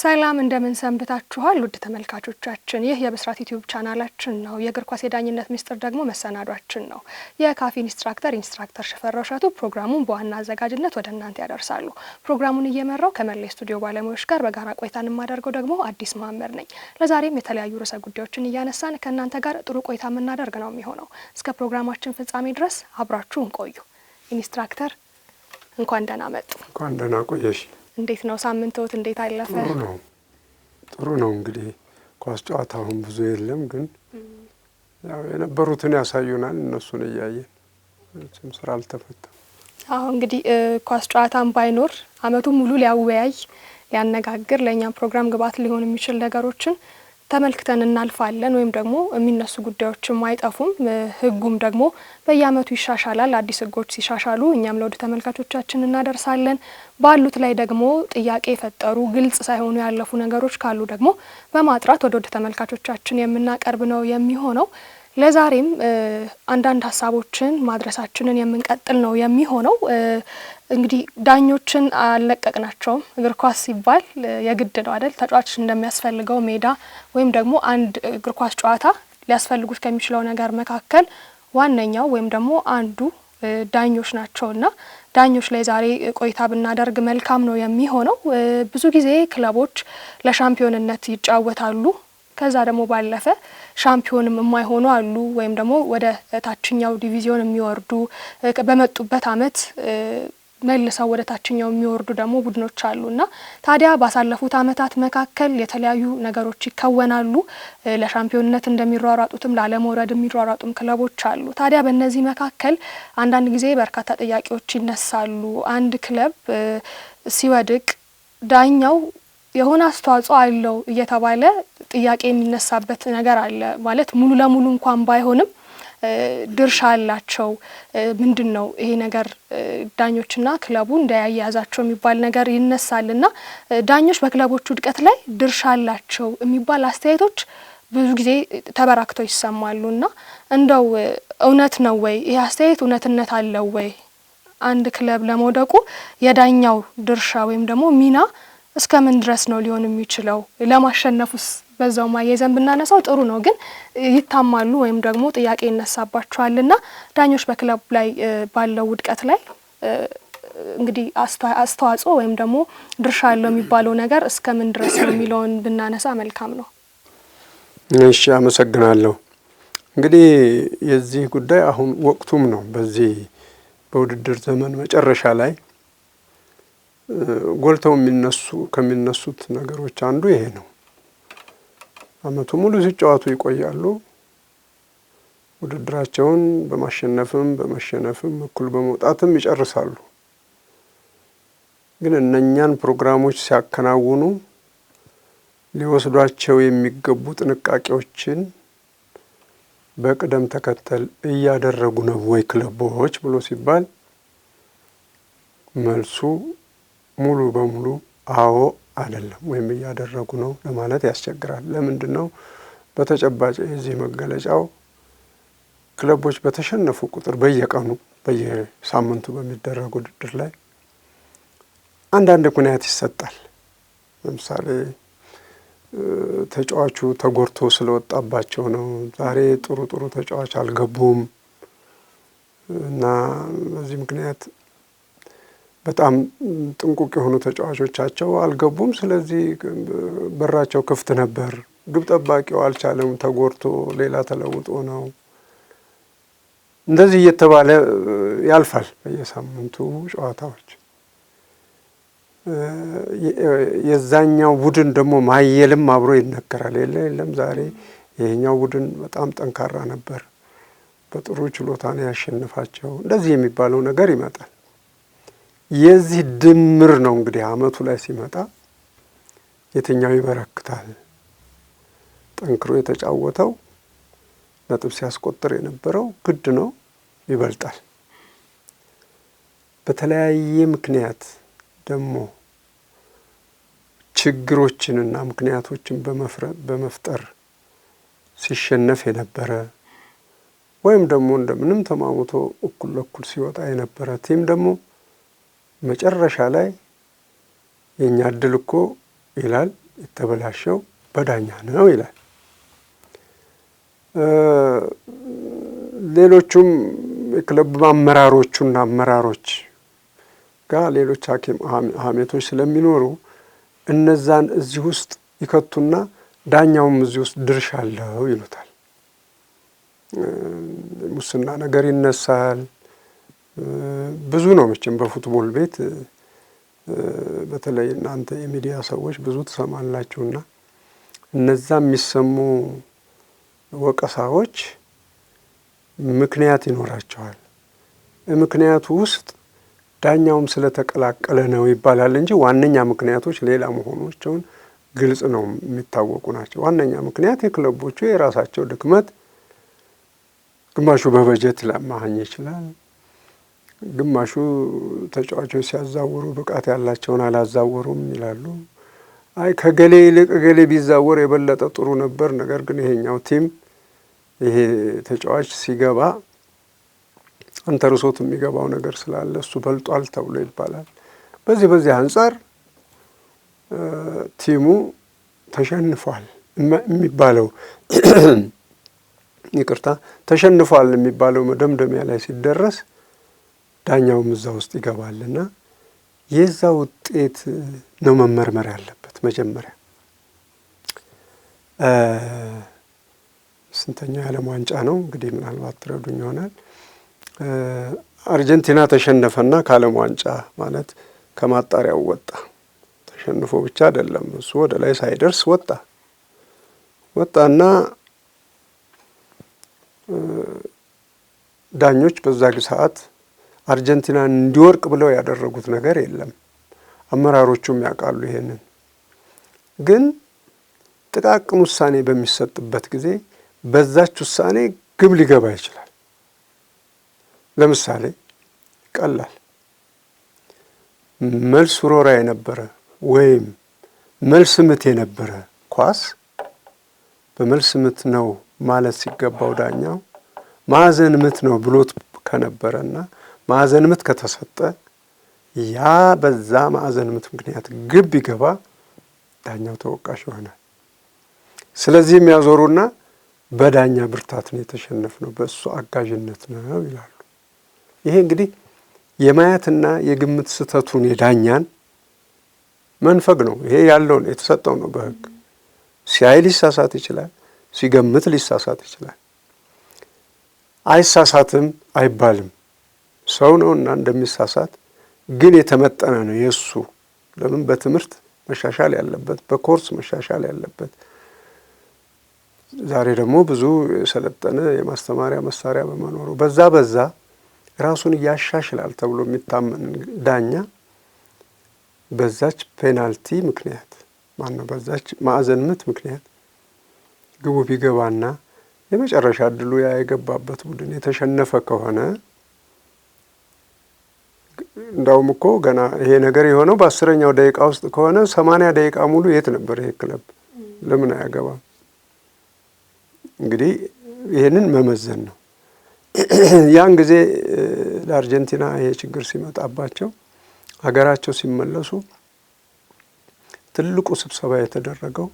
ሰላም እንደምን ሰንብታችኋል? ውድ ተመልካቾቻችን ይህ የብስራት ዩቲዩብ ቻናላችን ነው። የእግር ኳስ የዳኝነት ምስጢር ደግሞ መሰናዷችን ነው። የካፊ ኢንስትራክተር ኢንስትራክተር ሽፈራው እሸቱ ፕሮግራሙን በዋና አዘጋጅነት ወደ እናንተ ያደርሳሉ። ፕሮግራሙን እየመራው ከመላ ስቱዲዮ ባለሙያዎች ጋር በጋራ ቆይታ የማደርገው ደግሞ አዲስ መሀመድ ነኝ። ለዛሬም የተለያዩ ርዕሰ ጉዳዮችን እያነሳን ከእናንተ ጋር ጥሩ ቆይታ የምናደርግ ነው የሚሆነው። እስከ ፕሮግራማችን ፍጻሜ ድረስ አብራችሁን ቆዩ። ኢንስትራክተር እንኳን ደህና መጡ። እንኳን ደህና ቆየሽ። እንዴት ነው ሳምንትዎት? እንዴት አለፈ? ጥሩ ነው ጥሩ ነው። እንግዲህ ኳስ ጨዋታ አሁን ብዙ የለም፣ ግን ያው የነበሩትን ያሳዩናል። እነሱን እያየን ም ስራ አልተፈታም። አሁ እንግዲህ ኳስ ጨዋታን ባይኖር አመቱ ሙሉ ሊያወያይ ሊያነጋግር፣ ለእኛም ፕሮግራም ግብአት ሊሆን የሚችል ነገሮችን ተመልክተን እናልፋለን። ወይም ደግሞ የሚነሱ ጉዳዮችም አይጠፉም። ህጉም ደግሞ በየአመቱ ይሻሻላል። አዲስ ህጎች ሲሻሻሉ እኛም ለወደ ተመልካቾቻችን እናደርሳለን። ባሉት ላይ ደግሞ ጥያቄ የፈጠሩ ግልጽ ሳይሆኑ ያለፉ ነገሮች ካሉ ደግሞ በማጥራት ወደ ወደ ተመልካቾቻችን የምናቀርብ ነው የሚሆነው። ለዛሬም አንዳንድ ሀሳቦችን ማድረሳችንን የምንቀጥል ነው የሚሆነው። እንግዲህ ዳኞችን አልለቀቅናቸውም። እግር ኳስ ሲባል የግድ ነው አደል? ተጫዋች እንደሚያስፈልገው ሜዳ ወይም ደግሞ አንድ እግር ኳስ ጨዋታ ሊያስፈልጉት ከሚችለው ነገር መካከል ዋነኛው ወይም ደግሞ አንዱ ዳኞች ናቸው እና ዳኞች ላይ ዛሬ ቆይታ ብናደርግ መልካም ነው የሚሆነው። ብዙ ጊዜ ክለቦች ለሻምፒዮንነት ይጫወታሉ። ከዛ ደግሞ ባለፈ ሻምፒዮንም የማይሆኑ አሉ፣ ወይም ደግሞ ወደ ታችኛው ዲቪዚዮን የሚወርዱ በመጡበት አመት መልሰው ወደ ታችኛው የሚወርዱ ደግሞ ቡድኖች አሉ እና ታዲያ ባሳለፉት አመታት መካከል የተለያዩ ነገሮች ይከወናሉ። ለሻምፒዮንነት እንደሚሯሯጡትም ላለመውረድ የሚሯሯጡም ክለቦች አሉ። ታዲያ በእነዚህ መካከል አንዳንድ ጊዜ በርካታ ጥያቄዎች ይነሳሉ። አንድ ክለብ ሲወድቅ ዳኛው የሆነ አስተዋጽኦ አለው እየተባለ ጥያቄ የሚነሳበት ነገር አለ። ማለት ሙሉ ለሙሉ እንኳን ባይሆንም ድርሻ አላቸው። ምንድን ነው ይሄ ነገር ዳኞችና ክለቡ እንዳያያዛቸው የሚባል ነገር ይነሳል እና ዳኞች በክለቦቹ ውድቀት ላይ ድርሻ አላቸው የሚባል አስተያየቶች ብዙ ጊዜ ተበራክተው ይሰማሉ እና እንደው እውነት ነው ወይ ይህ አስተያየት እውነትነት አለው ወይ? አንድ ክለብ ለመውደቁ የዳኛው ድርሻ ወይም ደግሞ ሚና እስከ ምን ድረስ ነው ሊሆን የሚችለው? ለማሸነፉስ በዛው ማያይዘን ብናነሳው ጥሩ ነው፣ ግን ይታማሉ ወይም ደግሞ ጥያቄ ይነሳባቸዋል እና ዳኞች በክለቡ ላይ ባለው ውድቀት ላይ እንግዲህ አስተዋጽኦ ወይም ደግሞ ድርሻ ያለው የሚባለው ነገር እስከ ምን ድረስ ነው የሚለውን ብናነሳ መልካም ነው። እሺ፣ አመሰግናለሁ። እንግዲህ የዚህ ጉዳይ አሁን ወቅቱም ነው። በዚህ በውድድር ዘመን መጨረሻ ላይ ጎልተው የሚነሱ ከሚነሱት ነገሮች አንዱ ይሄ ነው። አመቱ ሙሉ ሲጫወቱ ይቆያሉ። ውድድራቸውን በማሸነፍም በመሸነፍም እኩል በመውጣትም ይጨርሳሉ። ግን እነኛን ፕሮግራሞች ሲያከናውኑ ሊወስዷቸው የሚገቡ ጥንቃቄዎችን በቅደም ተከተል እያደረጉ ነው ወይ ክለቦች ብሎ ሲባል መልሱ ሙሉ በሙሉ አዎ አይደለም ወይም እያደረጉ ነው ለማለት ያስቸግራል። ለምንድን ነው? በተጨባጭ የዚህ መገለጫው ክለቦች በተሸነፉ ቁጥር በየቀኑ በየሳምንቱ በሚደረግ ውድድር ላይ አንዳንድ ምክንያት ይሰጣል። ለምሳሌ ተጫዋቹ ተጎድቶ ስለወጣባቸው ነው፣ ዛሬ ጥሩ ጥሩ ተጫዋች አልገቡም እና በዚህ ምክንያት በጣም ጥንቁቅ የሆኑ ተጫዋቾቻቸው አልገቡም። ስለዚህ በራቸው ክፍት ነበር። ግብ ጠባቂው አልቻለም፣ ተጎድቶ ሌላ ተለውጦ ነው። እንደዚህ እየተባለ ያልፋል። በየሳምንቱ ጨዋታዎች የዛኛው ቡድን ደግሞ ማየልም አብሮ ይነገራል። የለ የለም ዛሬ ይሄኛው ቡድን በጣም ጠንካራ ነበር፣ በጥሩ ችሎታ ነው ያሸንፋቸው። እንደዚህ የሚባለው ነገር ይመጣል። የዚህ ድምር ነው እንግዲህ አመቱ ላይ ሲመጣ የትኛው ይበረክታል። ጠንክሮ የተጫወተው ነጥብ ሲያስቆጥር የነበረው ግድ ነው ይበልጣል። በተለያየ ምክንያት ደግሞ ችግሮችንና ምክንያቶችን በመፍጠር ሲሸነፍ የነበረ ወይም ደግሞ እንደምንም ተማሙቶ እኩል ለኩል ሲወጣ የነበረ ቲም ደግሞ መጨረሻ ላይ የእኛ እድል እኮ ይላል የተበላሸው በዳኛ ነው ይላል። ሌሎቹም የክለብ አመራሮቹና አመራሮች ጋር ሌሎች ሀሜቶች ስለሚኖሩ እነዛን እዚህ ውስጥ ይከቱና ዳኛውም እዚህ ውስጥ ድርሻ አለው ይሉታል። ሙስና ነገር ይነሳል። ብዙ ነው መቼም በፉትቦል ቤት በተለይ እናንተ የሚዲያ ሰዎች ብዙ ትሰማላችሁና እነዛ የሚሰሙ ወቀሳዎች ምክንያት ይኖራቸዋል። ምክንያቱ ውስጥ ዳኛውም ስለተቀላቀለ ነው ይባላል እንጂ ዋነኛ ምክንያቶች ሌላ መሆናቸውን ግልጽ ነው የሚታወቁ ናቸው። ዋነኛ ምክንያት የክለቦቹ የራሳቸው ድክመት፣ ግማሹ በበጀት ለማሀኝ ይችላል ግማሹ ተጫዋቾች ሲያዛውሩ ብቃት ያላቸውን አላዛወሩም ይላሉ። አይ ከገሌ ይልቅ ገሌ ቢዛወር የበለጠ ጥሩ ነበር፣ ነገር ግን ይሄኛው ቲም ይሄ ተጫዋች ሲገባ አንተ ርሶት የሚገባው ነገር ስላለ እሱ በልጧል ተብሎ ይባላል። በዚህ በዚህ አንጻር ቲሙ ተሸንፏል የሚባለው ይቅርታ ተሸንፏል የሚባለው መደምደሚያ ላይ ሲደረስ ዳኛውም እዛ ውስጥ ይገባልና የዛ ውጤት ነው መመርመር ያለበት። መጀመሪያ ስንተኛ የዓለም ዋንጫ ነው እንግዲህ ምናልባት ትረዱኝ ይሆናል። አርጀንቲና ተሸነፈና ከዓለም ዋንጫ ማለት ከማጣሪያው ወጣ። ተሸንፎ ብቻ አይደለም እሱ ወደ ላይ ሳይደርስ ወጣ ወጣና ዳኞች በዛ ሰዓት አርጀንቲና እንዲወርቅ ብለው ያደረጉት ነገር የለም። አመራሮቹም ያውቃሉ ይሄንን። ግን ጥቃቅን ውሳኔ በሚሰጥበት ጊዜ በዛች ውሳኔ ግብ ሊገባ ይችላል። ለምሳሌ ቀላል መልስ ሮራ የነበረ ወይም መልስ ምት የነበረ ኳስ በመልስ ምት ነው ማለት ሲገባው ዳኛው ማዕዘን ምት ነው ብሎት ከነበረና ማዕዘን ምት ከተሰጠ ያ በዛ ማዕዘን ምት ምክንያት ግብ ይገባ ዳኛው ተወቃሽ ይሆናል። ስለዚህ የሚያዞሩና በዳኛ ብርታት ነው ነው በእሱ አጋዥነት ነው ይላሉ። ይሄ እንግዲህ የማየትና የግምት ስህተቱን የዳኛን መንፈግ ነው። ይሄ ያለው ነው የተሰጠው ነው በህግ ሲያይ ሊሳሳት ይችላል፣ ሲገምት ሊሳሳት ይችላል። አይሳሳትም አይባልም። ሰው ነውና እንደሚሳሳት ግን የተመጠነ ነው የእሱ ለምን በትምህርት መሻሻል ያለበት በኮርስ መሻሻል ያለበት ዛሬ ደግሞ ብዙ የሰለጠነ የማስተማሪያ መሳሪያ በመኖሩ በዛ በዛ ራሱን ያሻሽላል ተብሎ የሚታመን ዳኛ በዛች ፔናልቲ ምክንያት ማን ነው በዛች ማዕዘን ምት ምክንያት ግቡ ቢገባና የመጨረሻ እድሉ ያ የገባበት ቡድን የተሸነፈ ከሆነ እንዳውም እኮ ገና ይሄ ነገር የሆነው በአስረኛው ደቂቃ ውስጥ ከሆነ ሰማንያ ደቂቃ ሙሉ የት ነበር ይሄ ክለብ? ለምን አያገባም? እንግዲህ ይሄንን መመዘን ነው። ያን ጊዜ ለአርጀንቲና ይሄ ችግር ሲመጣባቸው ሀገራቸው ሲመለሱ ትልቁ ስብሰባ የተደረገው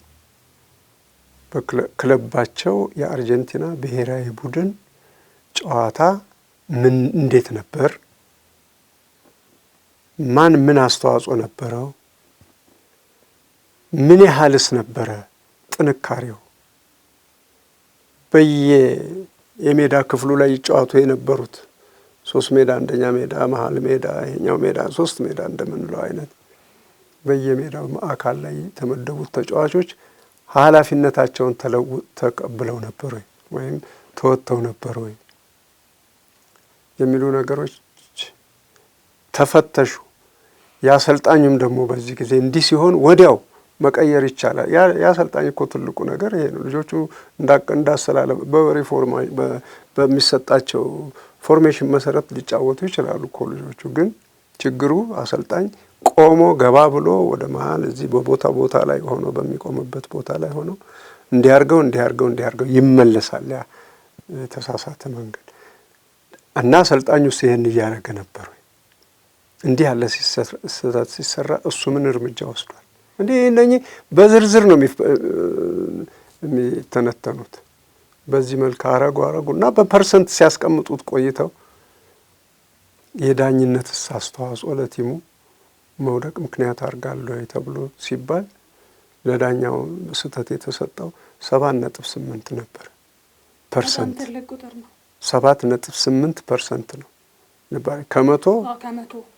በክለባቸው የአርጀንቲና ብሔራዊ ቡድን ጨዋታ ምን እንዴት ነበር ማን ምን አስተዋጽኦ ነበረው? ምን ያህልስ ነበረ ጥንካሬው? በየ የሜዳ ክፍሉ ላይ ይጫወቱ የነበሩት ሶስት ሜዳ፣ አንደኛ ሜዳ፣ መሀል ሜዳ፣ ይሄኛው ሜዳ፣ ሶስት ሜዳ እንደምንለው አይነት በየሜዳው አካል ላይ የተመደቡት ተጫዋቾች ኃላፊነታቸውን ተቀብለው ነበር ወይ ወይም ተወጥተው ነበር ወይ የሚሉ ነገሮች ተፈተሹ። የአሰልጣኝም ደግሞ በዚህ ጊዜ እንዲህ ሲሆን ወዲያው መቀየር ይቻላል። የአሰልጣኝ እኮ ትልቁ ነገር ይሄ ነው። ልጆቹ እንዳሰላለፍ በሪፎርማ በሚሰጣቸው ፎርሜሽን መሰረት ሊጫወቱ ይችላሉ እኮ ልጆቹ። ግን ችግሩ አሰልጣኝ ቆሞ ገባ ብሎ ወደ መሀል እዚህ በቦታ ቦታ ላይ ሆኖ በሚቆምበት ቦታ ላይ ሆኖ እንዲያርገው እንዲያርገው እንዲያርገው ይመለሳል። ያ ተሳሳተ መንገድ እና አሰልጣኙ ይህን እያደረገ ነበሩ። እንዲህ ያለ ስህተት ሲሰራ እሱ ምን እርምጃ ወስዷል? እንዲህ እነኚህ በዝርዝር ነው የሚተነተኑት። በዚህ መልክ አረጉ አረጉ እና በፐርሰንት ሲያስቀምጡት ቆይተው የዳኝነትስ አስተዋጽኦ ለቲሙ መውደቅ ምክንያት አድርጋለሁ ተብሎ ሲባል ለዳኛው ስህተት የተሰጠው ሰባት ነጥብ ስምንት ነበር ፐርሰንት ሰባት ነጥብ ስምንት ፐርሰንት ነው። ነበር ከመቶ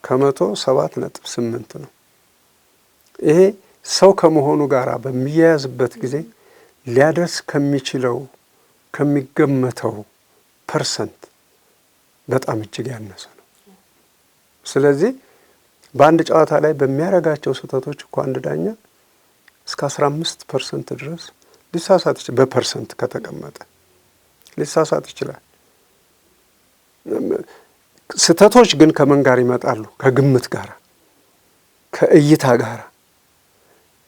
ከመቶ ሰባት ነጥብ ስምንት ነው። ይሄ ሰው ከመሆኑ ጋር በሚያያዝበት ጊዜ ሊያደርስ ከሚችለው ከሚገመተው ፐርሰንት በጣም እጅግ ያነሰ ነው። ስለዚህ በአንድ ጨዋታ ላይ በሚያረጋቸው ስህተቶች እኮ አንድ ዳኛ እስከ አስራ አምስት ፐርሰንት ድረስ ሊሳሳት ይችላል። በፐርሰንት ከተቀመጠ ሊሳሳት ይችላል። ስህተቶች ግን ከምን ጋር ይመጣሉ? ከግምት ጋር፣ ከእይታ ጋር፣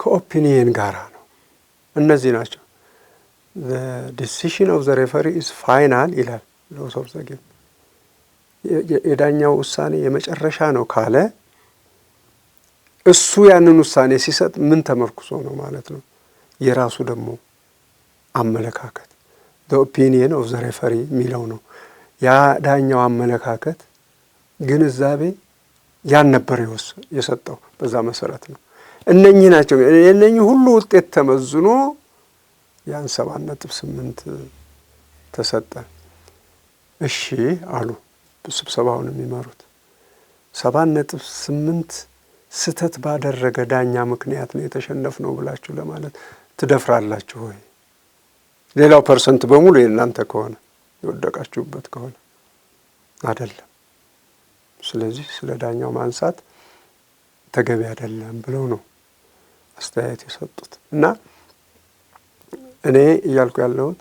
ከኦፒኒየን ጋር ነው። እነዚህ ናቸው። ዲሲሽን ኦፍ ዘ ሬፈሪ ኢዝ ፋይናል ይላል ሎሶፍ ዘጌም። የዳኛው ውሳኔ የመጨረሻ ነው ካለ እሱ ያንን ውሳኔ ሲሰጥ ምን ተመርኩሶ ነው ማለት ነው? የራሱ ደግሞ አመለካከት ኦፒኒየን ኦፍ ዘ ሬፈሪ የሚለው ነው። ያ ዳኛው አመለካከት ግንዛቤ ያን ነበር የሰጠው። በዛ መሰረት ነው እነኚህ ናቸው። የእነኚህ ሁሉ ውጤት ተመዝኖ ያን ሰባት ነጥብ ስምንት ተሰጠ። እሺ አሉ ስብሰባውን የሚመሩት ሰባት ነጥብ ስምንት ስህተት ባደረገ ዳኛ ምክንያት ነው የተሸነፍ ነው ብላችሁ ለማለት ትደፍራላችሁ ወይ? ሌላው ፐርሰንት በሙሉ የእናንተ ከሆነ የወደቃችሁበት ከሆነ አይደለም ስለዚህ ስለ ዳኛው ማንሳት ተገቢ አይደለም ብለው ነው አስተያየት የሰጡት እና እኔ እያልኩ ያለሁት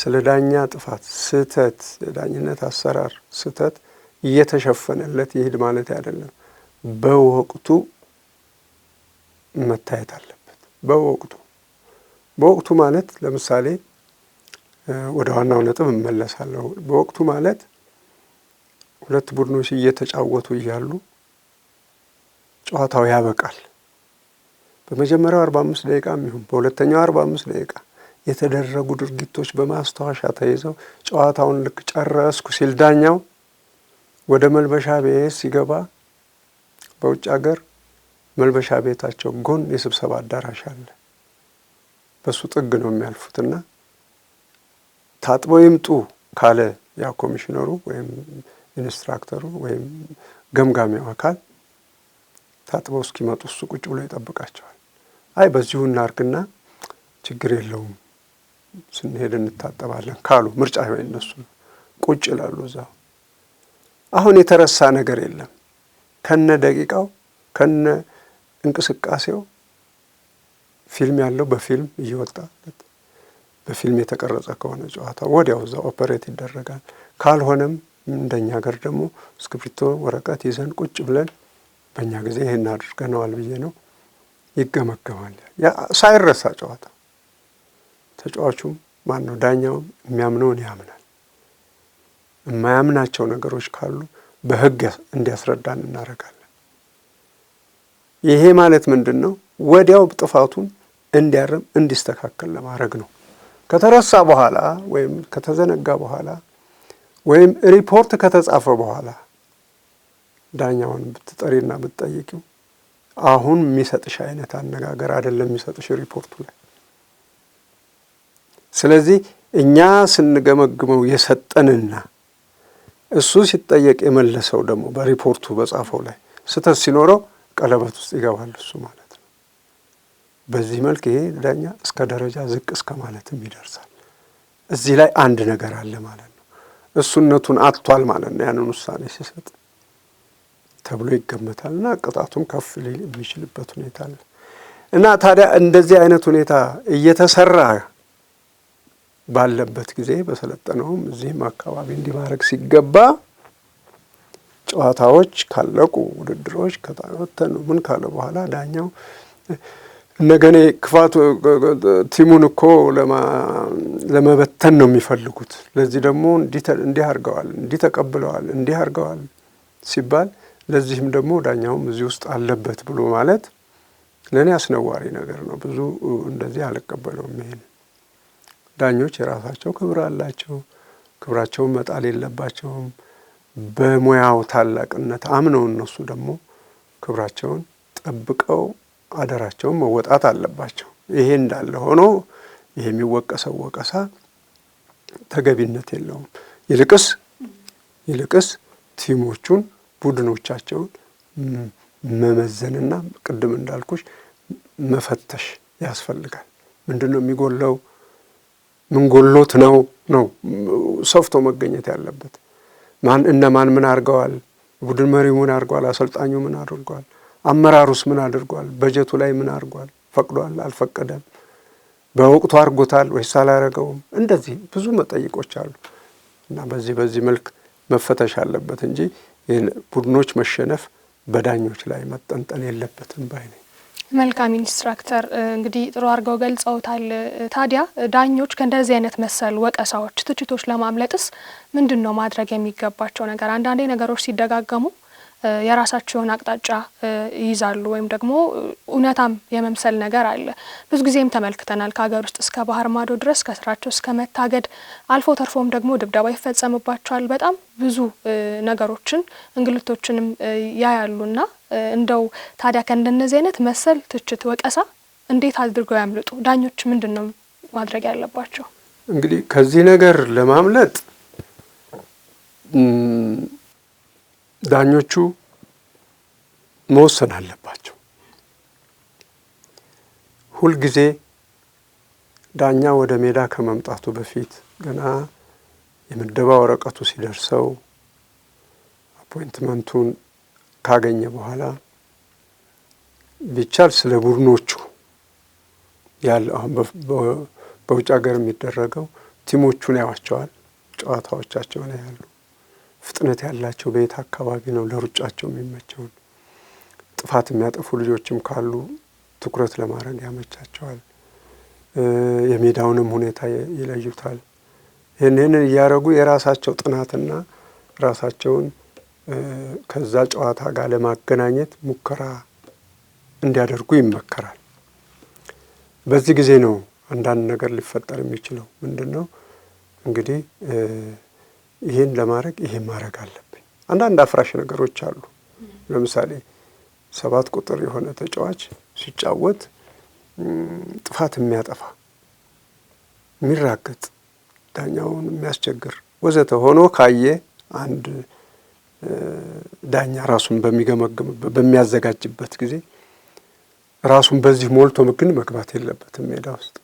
ስለ ዳኛ ጥፋት ስህተት፣ የዳኝነት አሰራር ስህተት እየተሸፈነለት ይሄድ ማለት አይደለም። በወቅቱ መታየት አለበት። በወቅቱ በወቅቱ ማለት ለምሳሌ ወደ ዋናው ነጥብ እመለሳለሁ። በወቅቱ ማለት ሁለት ቡድኖች እየተጫወቱ እያሉ ጨዋታው ያበቃል። በመጀመሪያው አምስት ደቂቃ የሚሆን በሁለተኛው 45 ደቂቃ የተደረጉ ድርጊቶች በማስታወሻ ተይዘው ጨዋታውን ልክ ጨረስኩ ሲል ዳኛው ወደ መልበሻ ቤት ሲገባ በውጭ ሀገር መልበሻ ቤታቸው ጎን የስብሰባ አዳራሽ አለ። በሱ ጥግ ነው የሚያልፉትና ታጥበው ይምጡ ካለ ያ ኮሚሽነሩ ወይም ኢንስትራክተሩ ወይም ገምጋሚው አካል ታጥበው እስኪመጡ እሱ ቁጭ ብሎ ይጠብቃቸዋል። አይ በዚሁ እናርግና ችግር የለውም ስንሄድ እንታጠባለን ካሉ ምርጫ እነሱ ቁጭ ይላሉ እዛው። አሁን የተረሳ ነገር የለም። ከነ ደቂቃው ከነ እንቅስቃሴው ፊልም ያለው በፊልም እየወጣለት በፊልም የተቀረጸ ከሆነ ጨዋታ ወዲያው እዛ ኦፐሬት ይደረጋል። ካልሆነም እንደኛ ሀገር ደግሞ እስክሪብቶ ወረቀት ይዘን ቁጭ ብለን በእኛ ጊዜ ይህን አድርገነዋል ብዬ ነው ይገመገማል። ሳይረሳ ጨዋታ ተጫዋቹም ማን ነው ዳኛውም የሚያምነውን ያምናል። የማያምናቸው ነገሮች ካሉ በህግ እንዲያስረዳን እናደርጋለን። ይሄ ማለት ምንድን ነው? ወዲያው ጥፋቱን እንዲያርም እንዲስተካከል ለማድረግ ነው። ከተረሳ በኋላ ወይም ከተዘነጋ በኋላ ወይም ሪፖርት ከተጻፈ በኋላ ዳኛውን ብትጠሪና ብትጠይቂው አሁን የሚሰጥሽ አይነት አነጋገር አይደለም የሚሰጥሽ ሪፖርቱ ላይ። ስለዚህ እኛ ስንገመግመው የሰጠንና እሱ ሲጠየቅ የመለሰው ደግሞ በሪፖርቱ በጻፈው ላይ ስህተት ሲኖረው ቀለበት ውስጥ ይገባል እሱ ማለት ነው። በዚህ መልክ ይሄ ዳኛ እስከ ደረጃ ዝቅ እስከ ማለትም ይደርሳል። እዚህ ላይ አንድ ነገር አለ ማለት ነው። እሱነቱን አጥቷል ማለት ነው። ያንን ውሳኔ ሲሰጥ ተብሎ ይገመታል እና ቅጣቱም ከፍ ሊል የሚችልበት ሁኔታ አለ እና ታዲያ እንደዚህ አይነት ሁኔታ እየተሰራ ባለበት ጊዜ በሰለጠነውም እዚህም አካባቢ እንዲህ ሲገባ ጨዋታዎች ካለቁ ውድድሮች ከተበተኑ ምን ካለ በኋላ ዳኛው እነገኔ ክፋት ቲሙን እኮ ለመበተን ነው የሚፈልጉት። ለዚህ ደግሞ እንዲህ አድርገዋል፣ እንዲህ ተቀብለዋል፣ እንዲህ አድርገዋል ሲባል ለዚህም ደግሞ ዳኛውም እዚህ ውስጥ አለበት ብሎ ማለት ለእኔ አስነዋሪ ነገር ነው። ብዙ እንደዚህ አልቀበለውም። ይሄን ዳኞች የራሳቸው ክብር አላቸው። ክብራቸውን መጣል የለባቸውም። በሙያው ታላቅነት አምነው እነሱ ደግሞ ክብራቸውን ጠብቀው አደራቸውን መወጣት አለባቸው። ይሄ እንዳለ ሆኖ ይሄ የሚወቀሰው ወቀሳ ተገቢነት የለውም። ይልቅስ ይልቅስ ቲሞቹን ቡድኖቻቸውን መመዘንና ቅድም እንዳልኩሽ መፈተሽ ያስፈልጋል። ምንድን ነው የሚጎለው? ምን ጎሎት ነው ነው ሰፍቶ መገኘት ያለበት ማን እነማን ምን አድርገዋል? ቡድን መሪው ምን አድርገዋል? አሰልጣኙ ምን አድርገዋል? አመራሩስ ምን አድርጓል? በጀቱ ላይ ምን አድርጓል? ፈቅዷል? አልፈቀደም? በወቅቱ አድርጎታል ወይስ አላረገውም? እንደዚህ ብዙ መጠይቆች አሉ እና በዚህ በዚህ መልክ መፈተሽ አለበት እንጂ ቡድኖች መሸነፍ በዳኞች ላይ መጠንጠን የለበትም ባይ ነኝ። መልካም ኢንስትራክተር፣ እንግዲህ ጥሩ አድርገው ገልጸውታል። ታዲያ ዳኞች ከእንደዚህ አይነት መሰል ወቀሳዎች፣ ትችቶች ለማምለጥስ ምንድን ነው ማድረግ የሚገባቸው ነገር? አንዳንዴ ነገሮች ሲደጋገሙ የራሳቸውን አቅጣጫ ይይዛሉ ወይም ደግሞ እውነታም የመምሰል ነገር አለ። ብዙ ጊዜም ተመልክተናል። ከሀገር ውስጥ እስከ ባህር ማዶ ድረስ ከስራቸው እስከ መታገድ አልፎ ተርፎም ደግሞ ድብደባ ይፈጸምባቸዋል። በጣም ብዙ ነገሮችን እንግልቶችንም ያያሉና እንደው ታዲያ ከእንደነዚህ አይነት መሰል ትችት፣ ወቀሳ እንዴት አድርገው ያምልጡ? ዳኞች ምንድን ነው ማድረግ ያለባቸው? እንግዲህ ከዚህ ነገር ለማምለጥ ዳኞቹ መወሰን አለባቸው። ሁልጊዜ ዳኛ ወደ ሜዳ ከመምጣቱ በፊት ገና የምደባ ወረቀቱ ሲደርሰው አፖይንትመንቱን ካገኘ በኋላ ቢቻል ስለ ቡድኖቹ ያለ አሁን በውጭ ሀገር የሚደረገው ቲሞቹን ያዋቸዋል፣ ጨዋታዎቻቸውን ያሉ ፍጥነት ያላቸው በየት አካባቢ ነው ለሩጫቸው የሚመቸውን ጥፋት የሚያጠፉ ልጆችም ካሉ ትኩረት ለማድረግ ያመቻቸዋል። የሜዳውንም ሁኔታ ይለዩታል። ይህንን እያደረጉ የራሳቸው ጥናትና ራሳቸውን ከዛ ጨዋታ ጋር ለማገናኘት ሙከራ እንዲያደርጉ ይመከራል። በዚህ ጊዜ ነው አንዳንድ ነገር ሊፈጠር የሚችለው ምንድን ነው እንግዲህ ይህን ለማድረግ ይሄን ማድረግ አለብኝ። አንዳንድ አፍራሽ ነገሮች አሉ። ለምሳሌ ሰባት ቁጥር የሆነ ተጫዋች ሲጫወት ጥፋት የሚያጠፋ የሚራገጥ፣ ዳኛውን የሚያስቸግር ወዘተ ሆኖ ካየ አንድ ዳኛ ራሱን በሚገመግምበት በሚያዘጋጅበት ጊዜ ራሱን በዚህ ሞልቶ ግን መግባት የለበትም ሜዳ ውስጥ።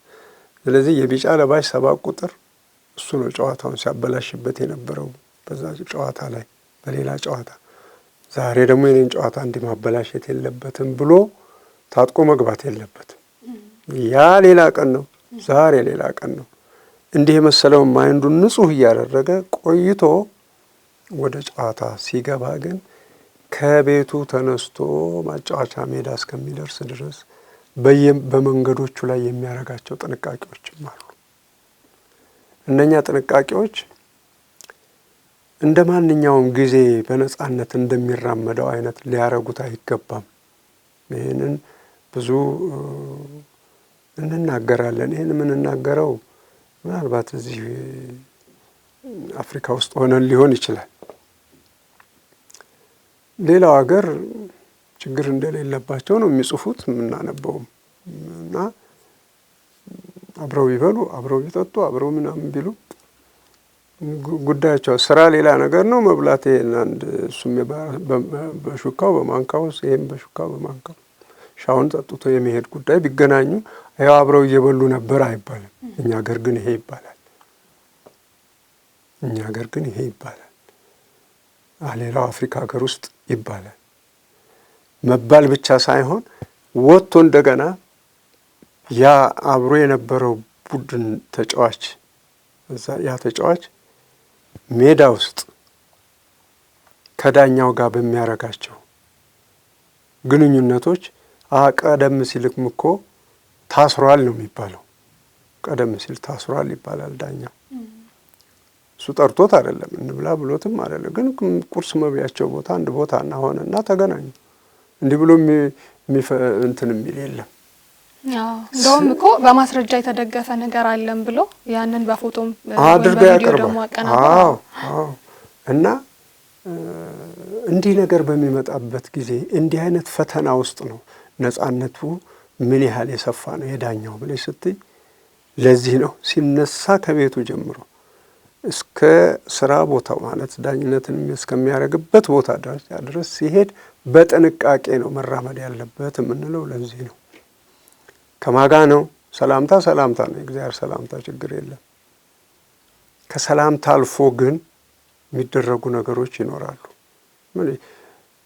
ስለዚህ የቢጫ ለባሽ ሰባት ቁጥር እሱ ነው ጨዋታውን ሲያበላሽበት የነበረው በዛ ጨዋታ ላይ በሌላ ጨዋታ ዛሬ ደግሞ የኔን ጨዋታ እንዲህ ማበላሸት የለበትም ብሎ ታጥቆ መግባት የለበትም። ያ ሌላ ቀን ነው፣ ዛሬ ሌላ ቀን ነው። እንዲህ የመሰለውን ማይንዱን ንጹህ እያደረገ ቆይቶ ወደ ጨዋታ ሲገባ ግን ከቤቱ ተነስቶ ማጫወቻ ሜዳ እስከሚደርስ ድረስ በመንገዶቹ ላይ የሚያደርጋቸው ጥንቃቄዎችም አሉ። እነኛ ጥንቃቄዎች እንደ ማንኛውም ጊዜ በነፃነት እንደሚራመደው አይነት ሊያረጉት አይገባም። ይህንን ብዙ እንናገራለን። ይህን የምንናገረው ምናልባት እዚህ አፍሪካ ውስጥ ሆነን ሊሆን ይችላል። ሌላው ሀገር ችግር እንደሌለባቸው ነው የሚጽፉት የምናነበውም እና አብረው ቢበሉ አብረው ቢጠጡ አብረው ምናምን ቢሉ ጉዳያቸው ስራ ሌላ ነገር ነው። መብላት ይሄን አንድ እሱም በሹካው በማንካው ይህም በሹካው በማንካው ሻውን ጠጥቶ የመሄድ ጉዳይ ቢገናኙ ያው አብረው እየበሉ ነበር አይባልም። እኛ ሀገር ግን ይሄ ይባላል። እኛ ሀገር ግን ይሄ ይባላል። ሌላው አፍሪካ ሀገር ውስጥ ይባላል መባል ብቻ ሳይሆን ወጥቶ እንደገና ያ አብሮ የነበረው ቡድን ተጫዋች እዛ ያ ተጫዋች ሜዳ ውስጥ ከዳኛው ጋር በሚያረጋቸው ግንኙነቶች ቀደም ሲልም እኮ ታስሯል ነው የሚባለው። ቀደም ሲል ታስሯል ይባላል። ዳኛው እሱ ጠርቶት አይደለም እንብላ ብሎትም አይደለም፣ ግን ቁርስ መብያቸው ቦታ አንድ ቦታ እና ሆነ እና ተገናኙ። እንዲህ ብሎ እንትን የሚል የለም። እንደውም እኮ በማስረጃ የተደገፈ ነገር አለን ብሎ ያንን በፎቶም አድርጎ ያቀርባል። እና እንዲህ ነገር በሚመጣበት ጊዜ እንዲህ አይነት ፈተና ውስጥ ነው ነጻነቱ ምን ያህል የሰፋ ነው የዳኛው ብለሽ ስትይ፣ ለዚህ ነው ሲነሳ ከቤቱ ጀምሮ እስከ ስራ ቦታው ማለት ዳኝነትን እስከሚያደርግበት ቦታ ድረስ ሲሄድ በጥንቃቄ ነው መራመድ ያለበት የምንለው ለዚህ ነው። ከማጋ ነው። ሰላምታ ሰላምታ ነው። እግዚአብሔር ሰላምታ ችግር የለም። ከሰላምታ አልፎ ግን የሚደረጉ ነገሮች ይኖራሉ።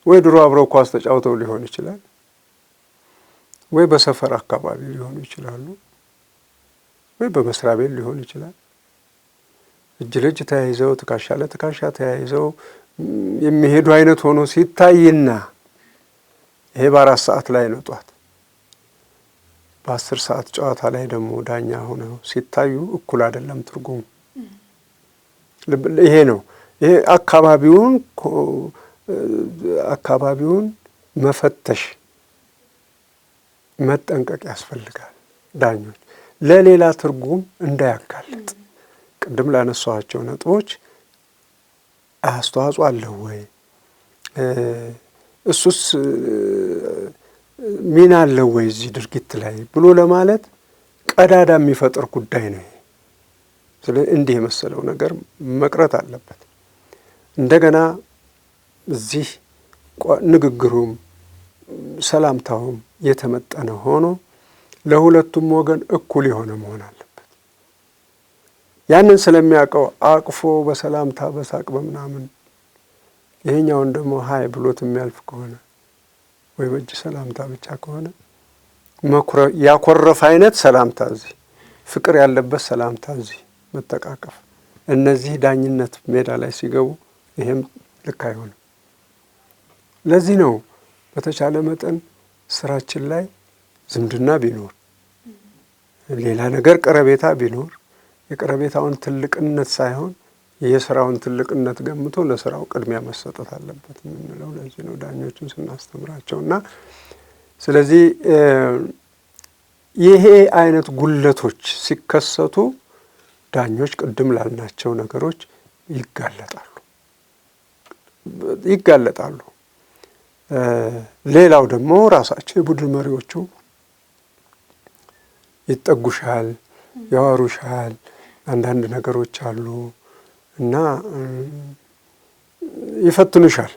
ወይ ድሮ አብረው ኳስ ተጫውተው ሊሆን ይችላል፣ ወይ በሰፈር አካባቢ ሊሆኑ ይችላሉ፣ ወይ በመስሪያ ቤት ሊሆን ይችላል። እጅ ለእጅ ተያይዘው ትካሻ ለትካሻ ተያይዘው የሚሄዱ አይነት ሆኖ ሲታይና ይሄ በአራት ሰዓት ላይ ነው ጧት በአስር ሰዓት ጨዋታ ላይ ደግሞ ዳኛ ሆነው ሲታዩ እኩል አይደለም ትርጉሙ። ይሄ ነው ይሄ አካባቢውን አካባቢውን መፈተሽ መጠንቀቅ ያስፈልጋል። ዳኞች ለሌላ ትርጉም እንዳያጋልጥ ቅድም ላነሷቸው ነጥቦች አስተዋጽኦ አለው ወይ እሱስ ሚና አለው ወይ እዚህ ድርጊት ላይ ብሎ ለማለት ቀዳዳ የሚፈጥር ጉዳይ ነው። ስለ እንዲህ የመሰለው ነገር መቅረት አለበት። እንደገና እዚህ ንግግሩም ሰላምታውም የተመጠነ ሆኖ ለሁለቱም ወገን እኩል የሆነ መሆን አለበት። ያንን ስለሚያውቀው አቅፎ በሰላምታ በሳቅ በምናምን ይሄኛውን ደግሞ ሀይ ብሎት የሚያልፍ ከሆነ ወይ በእጅ ሰላምታ ብቻ ከሆነ ያኮረፈ አይነት ሰላምታ እዚህ፣ ፍቅር ያለበት ሰላምታ እዚህ፣ መጠቃቀፍ እነዚህ ዳኝነት ሜዳ ላይ ሲገቡ ይሄም ልክ አይሆንም። ለዚህ ነው በተቻለ መጠን ስራችን ላይ ዝምድና ቢኖር ሌላ ነገር ቀረቤታ ቢኖር የቀረቤታውን ትልቅነት ሳይሆን የስራውን ትልቅነት ገምቶ ለስራው ቅድሚያ መሰጠት አለበት የምንለው ለዚህ ነው፣ ዳኞቹን ስናስተምራቸው እና ስለዚህ ይሄ አይነት ጉለቶች ሲከሰቱ ዳኞች ቅድም ላልናቸው ነገሮች ይጋለጣሉ ይጋለጣሉ። ሌላው ደግሞ ራሳቸው የቡድን መሪዎቹ ይጠጉሻል፣ ያወሩሻል። አንዳንድ ነገሮች አሉ እና ይፈትኑሻል።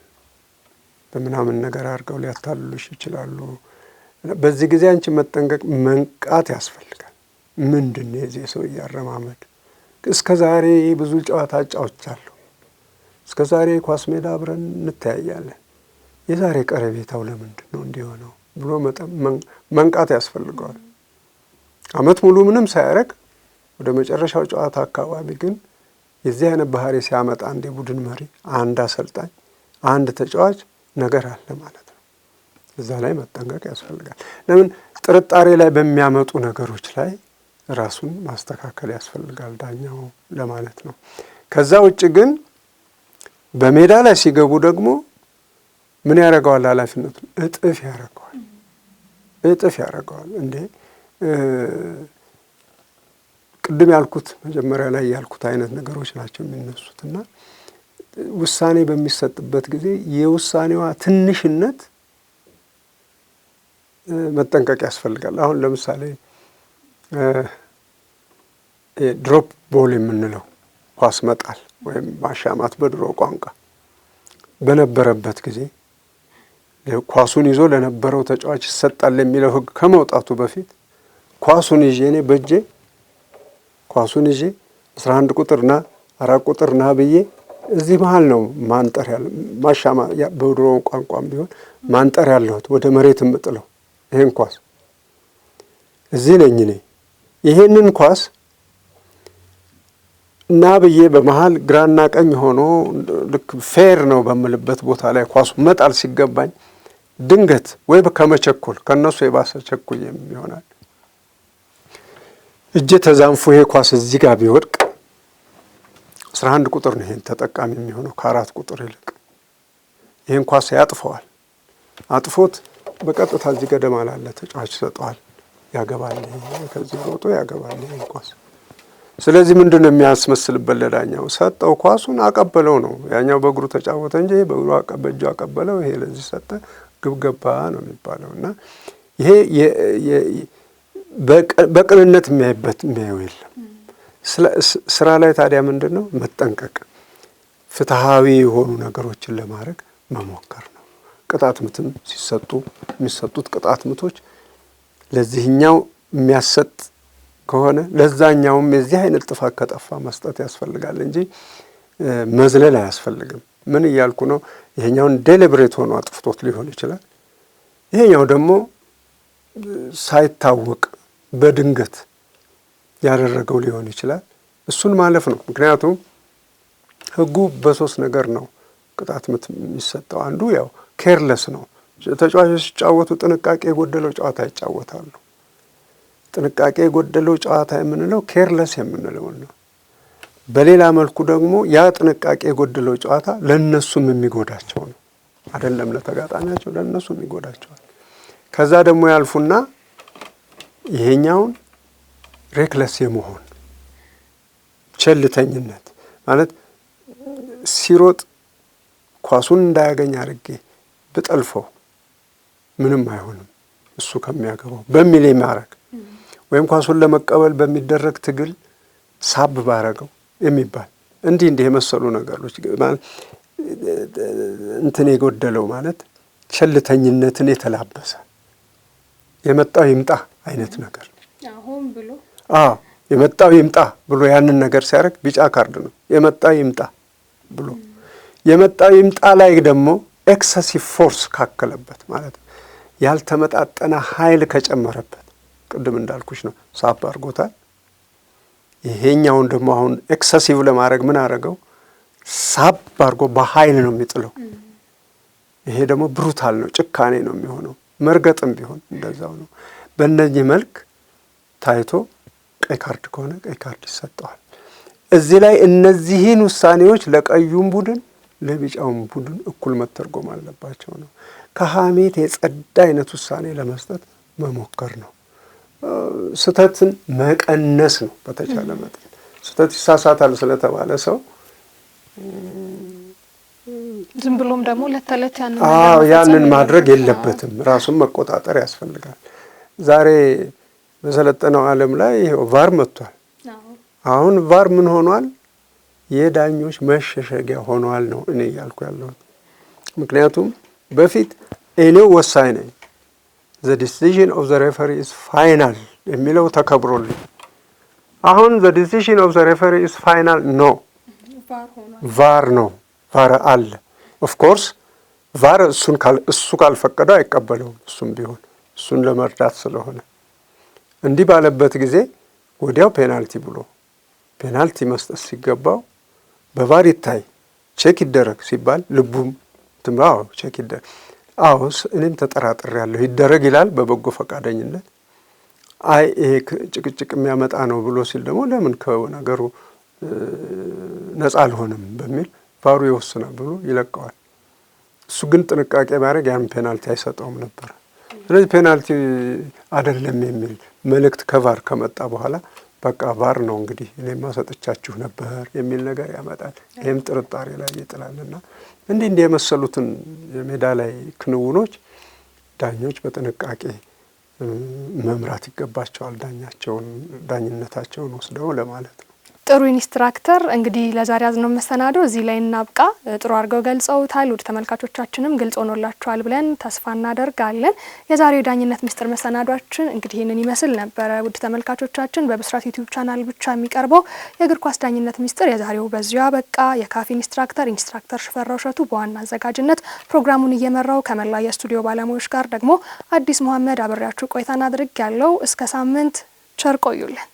በምናምን ነገር አድርገው ሊያታልሉሽ ይችላሉ። በዚህ ጊዜ አንቺ መጠንቀቅ መንቃት ያስፈልጋል። ምንድን ነው የዚህ ሰው እያረማመድ እስከ ዛሬ ብዙ ጨዋታ ጫውቻለሁ። እስከ ዛሬ ኳስ ሜዳ አብረን እንተያያለን። የዛሬ ቀረቤታው ለምንድን ነው እንዲሆነው ብሎ መንቃት ያስፈልገዋል። አመት ሙሉ ምንም ሳያደርግ ወደ መጨረሻው ጨዋታ አካባቢ ግን የዚህ አይነት ባህሪ ሲያመጣ አንድ የቡድን መሪ፣ አንድ አሰልጣኝ፣ አንድ ተጫዋች ነገር አለ ማለት ነው። እዛ ላይ መጠንቀቅ ያስፈልጋል። ለምን ጥርጣሬ ላይ በሚያመጡ ነገሮች ላይ ራሱን ማስተካከል ያስፈልጋል ዳኛው ለማለት ነው። ከዛ ውጭ ግን በሜዳ ላይ ሲገቡ ደግሞ ምን ያደርገዋል? ኃላፊነቱን እጥፍ ያደርገዋል፣ እጥፍ ያደርገዋል እንዴ ቅድም ያልኩት መጀመሪያ ላይ ያልኩት አይነት ነገሮች ናቸው እና ውሳኔ በሚሰጥበት ጊዜ የውሳኔዋ ትንሽነት መጠንቀቅ ያስፈልጋል። አሁን ለምሳሌ ድሮፕ ቦል የምንለው ኳስ መጣል ወይም ማሻማት በድሮ ቋንቋ በነበረበት ጊዜ ኳሱን ይዞ ለነበረው ተጫዋች ይሰጣል የሚለው ሕግ ከመውጣቱ በፊት ኳሱን ይዤ እኔ በእጄ ኳሱን ይዤ አስራ አንድ ቁጥር ና አራት ቁጥር ና ብዬ እዚህ መሀል ነው ማንጠር ያለ ማሻማ በድሮ ቋንቋም ቢሆን ማንጠር ያለሁት ወደ መሬት የምጥለው ይሄን ኳስ እዚህ ነኝ እኔ ይሄንን ኳስ እና ብዬ በመሀል ግራና ቀኝ ሆኖ ልክ ፌር ነው በምልበት ቦታ ላይ ኳሱ መጣል ሲገባኝ ድንገት ወይ ከመቸኩል ከእነሱ የባሰ ቸኩል ይሆናል እጀ ተዛንፎ ይሄ ኳስ እዚህ ጋር ቢወድቅ አስራ አንድ ቁጥር ነው ይሄን ተጠቃሚ የሚሆነው ከአራት ቁጥር ይልቅ ይህን ኳስ ያጥፈዋል። አጥፎት በቀጥታ እዚህ ገደማ ላለ ተጫዋች ይሰጠዋል። ያገባል። ከዚህ ሮጦ ያገባል ይህን ኳስ። ስለዚህ ምንድን ነው የሚያስመስልበት? ለዳኛው ሰጠው፣ ኳሱን አቀበለው ነው ያኛው በእግሩ ተጫወተ እንጂ በእግሩ በእጁ አቀበለው፣ ይሄ ለዚህ ሰጠ፣ ግብ ገባ ነው የሚባለው እና ይሄ በቅንነት የሚያይበት የሚያየው የለም። ስራ ላይ ታዲያ ምንድን ነው መጠንቀቅ፣ ፍትሐዊ የሆኑ ነገሮችን ለማድረግ መሞከር ነው። ቅጣት ምትም ሲሰጡ የሚሰጡት ቅጣት ምቶች ለዚህኛው የሚያሰጥ ከሆነ ለዛኛውም የዚህ አይነት ጥፋት ከጠፋ መስጠት ያስፈልጋል እንጂ መዝለል አያስፈልግም። ምን እያልኩ ነው? ይሄኛውን ዴሊብሬት ሆኖ አጥፍቶት ሊሆን ይችላል። ይሄኛው ደግሞ ሳይታወቅ በድንገት ያደረገው ሊሆን ይችላል። እሱን ማለፍ ነው። ምክንያቱም ህጉ በሶስት ነገር ነው ቅጣት ምት የሚሰጠው። አንዱ ያው ኬርለስ ነው። ተጫዋቾች ሲጫወቱ ጥንቃቄ የጎደለው ጨዋታ ይጫወታሉ። ጥንቃቄ የጎደለው ጨዋታ የምንለው ኬርለስ የምንለውን ነው። በሌላ መልኩ ደግሞ ያ ጥንቃቄ የጎደለው ጨዋታ ለእነሱም የሚጎዳቸው ነው። አይደለም ለተጋጣሚያቸው፣ ለእነሱም ይጎዳቸዋል። ከዛ ደግሞ ያልፉና ይሄኛውን ሬክለስ የመሆን ቸልተኝነት ማለት ሲሮጥ ኳሱን እንዳያገኝ አድርጌ ብጠልፈው ምንም አይሆንም እሱ ከሚያገባው በሚል የሚያረግ ወይም ኳሱን ለመቀበል በሚደረግ ትግል ሳብ ባረገው የሚባል እንዲህ እንዲህ የመሰሉ ነገሮች እንትን የጎደለው ማለት ቸልተኝነትን የተላበሰ የመጣው ይምጣ አይነት ነገር አዎ የመጣው ይምጣ ብሎ ያንን ነገር ሲያደርግ ቢጫ ካርድ ነው። የመጣው ይምጣ ብሎ የመጣው ይምጣ ላይ ደግሞ ኤክሰሲቭ ፎርስ ካከለበት ማለት ነው። ያልተመጣጠነ ኃይል ከጨመረበት ቅድም እንዳልኩሽ ነው ሳፕ አድርጎታል። ይሄኛውን ደግሞ አሁን ኤክሰሲቭ ለማድረግ ምን አደረገው? ሳፕ አድርጎ በኃይል ነው የሚጥለው። ይሄ ደግሞ ብሩታል ነው፣ ጭካኔ ነው የሚሆነው። መርገጥም ቢሆን እንደዛው ነው። በእነዚህ መልክ ታይቶ ቀይ ካርድ ከሆነ ቀይ ካርድ ይሰጠዋል። እዚህ ላይ እነዚህን ውሳኔዎች ለቀዩም ቡድን ለቢጫውም ቡድን እኩል መተርጎም አለባቸው ነው። ከሐሜት የጸዳ አይነት ውሳኔ ለመስጠት መሞከር ነው። ስህተትን መቀነስ ነው። በተቻለ መጠን ስህተት ይሳሳታል ስለተባለ ሰው ዝም ብሎም ደግሞ ለተለት ያንን ማድረግ የለበትም። ራሱን መቆጣጠር ያስፈልጋል። ዛሬ በሰለጠነው ዓለም ላይ ይኸው ቫር መጥቷል። አሁን ቫር ምን ሆኗል? የዳኞች መሸሸጊያ ሆኗል ነው እኔ እያልኩ ያለሁት። ምክንያቱም በፊት እኔው ወሳኝ ነኝ ዘ ዲሲዥን ኦፍ ዘ ሬፈሪ ኢዝ ፋይናል የሚለው ተከብሮልኝ፣ አሁን ዘ ዲሲዥን ኦፍ ዘ ሬፈሪ ኢዝ ፋይናል ኖ ቫር ነው ቫረ አለ። ኦፍኮርስ ቫረ እሱን እሱ ካልፈቀደ አይቀበለውም። እሱም ቢሆን እሱን ለመርዳት ስለሆነ እንዲህ ባለበት ጊዜ ወዲያው ፔናልቲ ብሎ ፔናልቲ መስጠት ሲገባው በቫር ይታይ ቼክ ይደረግ ሲባል ልቡም ትምራ ቼክ ይደረግ አዎስ እኔም ተጠራጥሬ ያለሁ ይደረግ ይላል በበጎ ፈቃደኝነት። አይ ይሄ ጭቅጭቅ የሚያመጣ ነው ብሎ ሲል ደግሞ ለምን ከነገሩ ነፃ አልሆንም በሚል ቫሩ ይወስናል ብሎ ይለቀዋል። እሱ ግን ጥንቃቄ ማድረግ ያን ፔናልቲ አይሰጠውም ነበር። ስለዚህ ፔናልቲ አይደለም የሚል መልእክት ከቫር ከመጣ በኋላ በቃ ቫር ነው እንግዲህ እኔ ማሰጥቻችሁ ነበር የሚል ነገር ያመጣል። ይህም ጥርጣሬ ላይ ይጥላልና እንዲህ እንዲህ የመሰሉትን የሜዳ ላይ ክንውኖች ዳኞች በጥንቃቄ መምራት ይገባቸዋል። ዳኛቸውን ዳኝነታቸውን ወስደው ለማለት ነው። ጥሩ ኢንስትራክተር እንግዲህ ለዛሬ ያዝነው መሰናዶ እዚህ ላይ እናብቃ። ጥሩ አድርገው ገልጸውታል። ውድ ተመልካቾቻችንም ግልጽ ሆኖላችኋል ብለን ተስፋ እናደርጋለን። የዛሬው የዳኝነት ምስጢር መሰናዷችን እንግዲህ ይህንን ይመስል ነበረ። ውድ ተመልካቾቻችን በብስራት ዩቲዩብ ቻናል ብቻ የሚቀርበው የእግር ኳስ ዳኝነት ምስጢር የዛሬው በዚሁ አበቃ። የካፌ ኢንስትራክተር ኢንስትራክተር ሽፈራው እሸቱ በዋና አዘጋጅነት ፕሮግራሙን እየመራው ከመላ የስቱዲዮ ባለሙያዎች ጋር ደግሞ አዲስ መሀመድ አብሬያችሁ ቆይታን አድርግ ያለው እስከ ሳምንት ቸር ቆዩልን።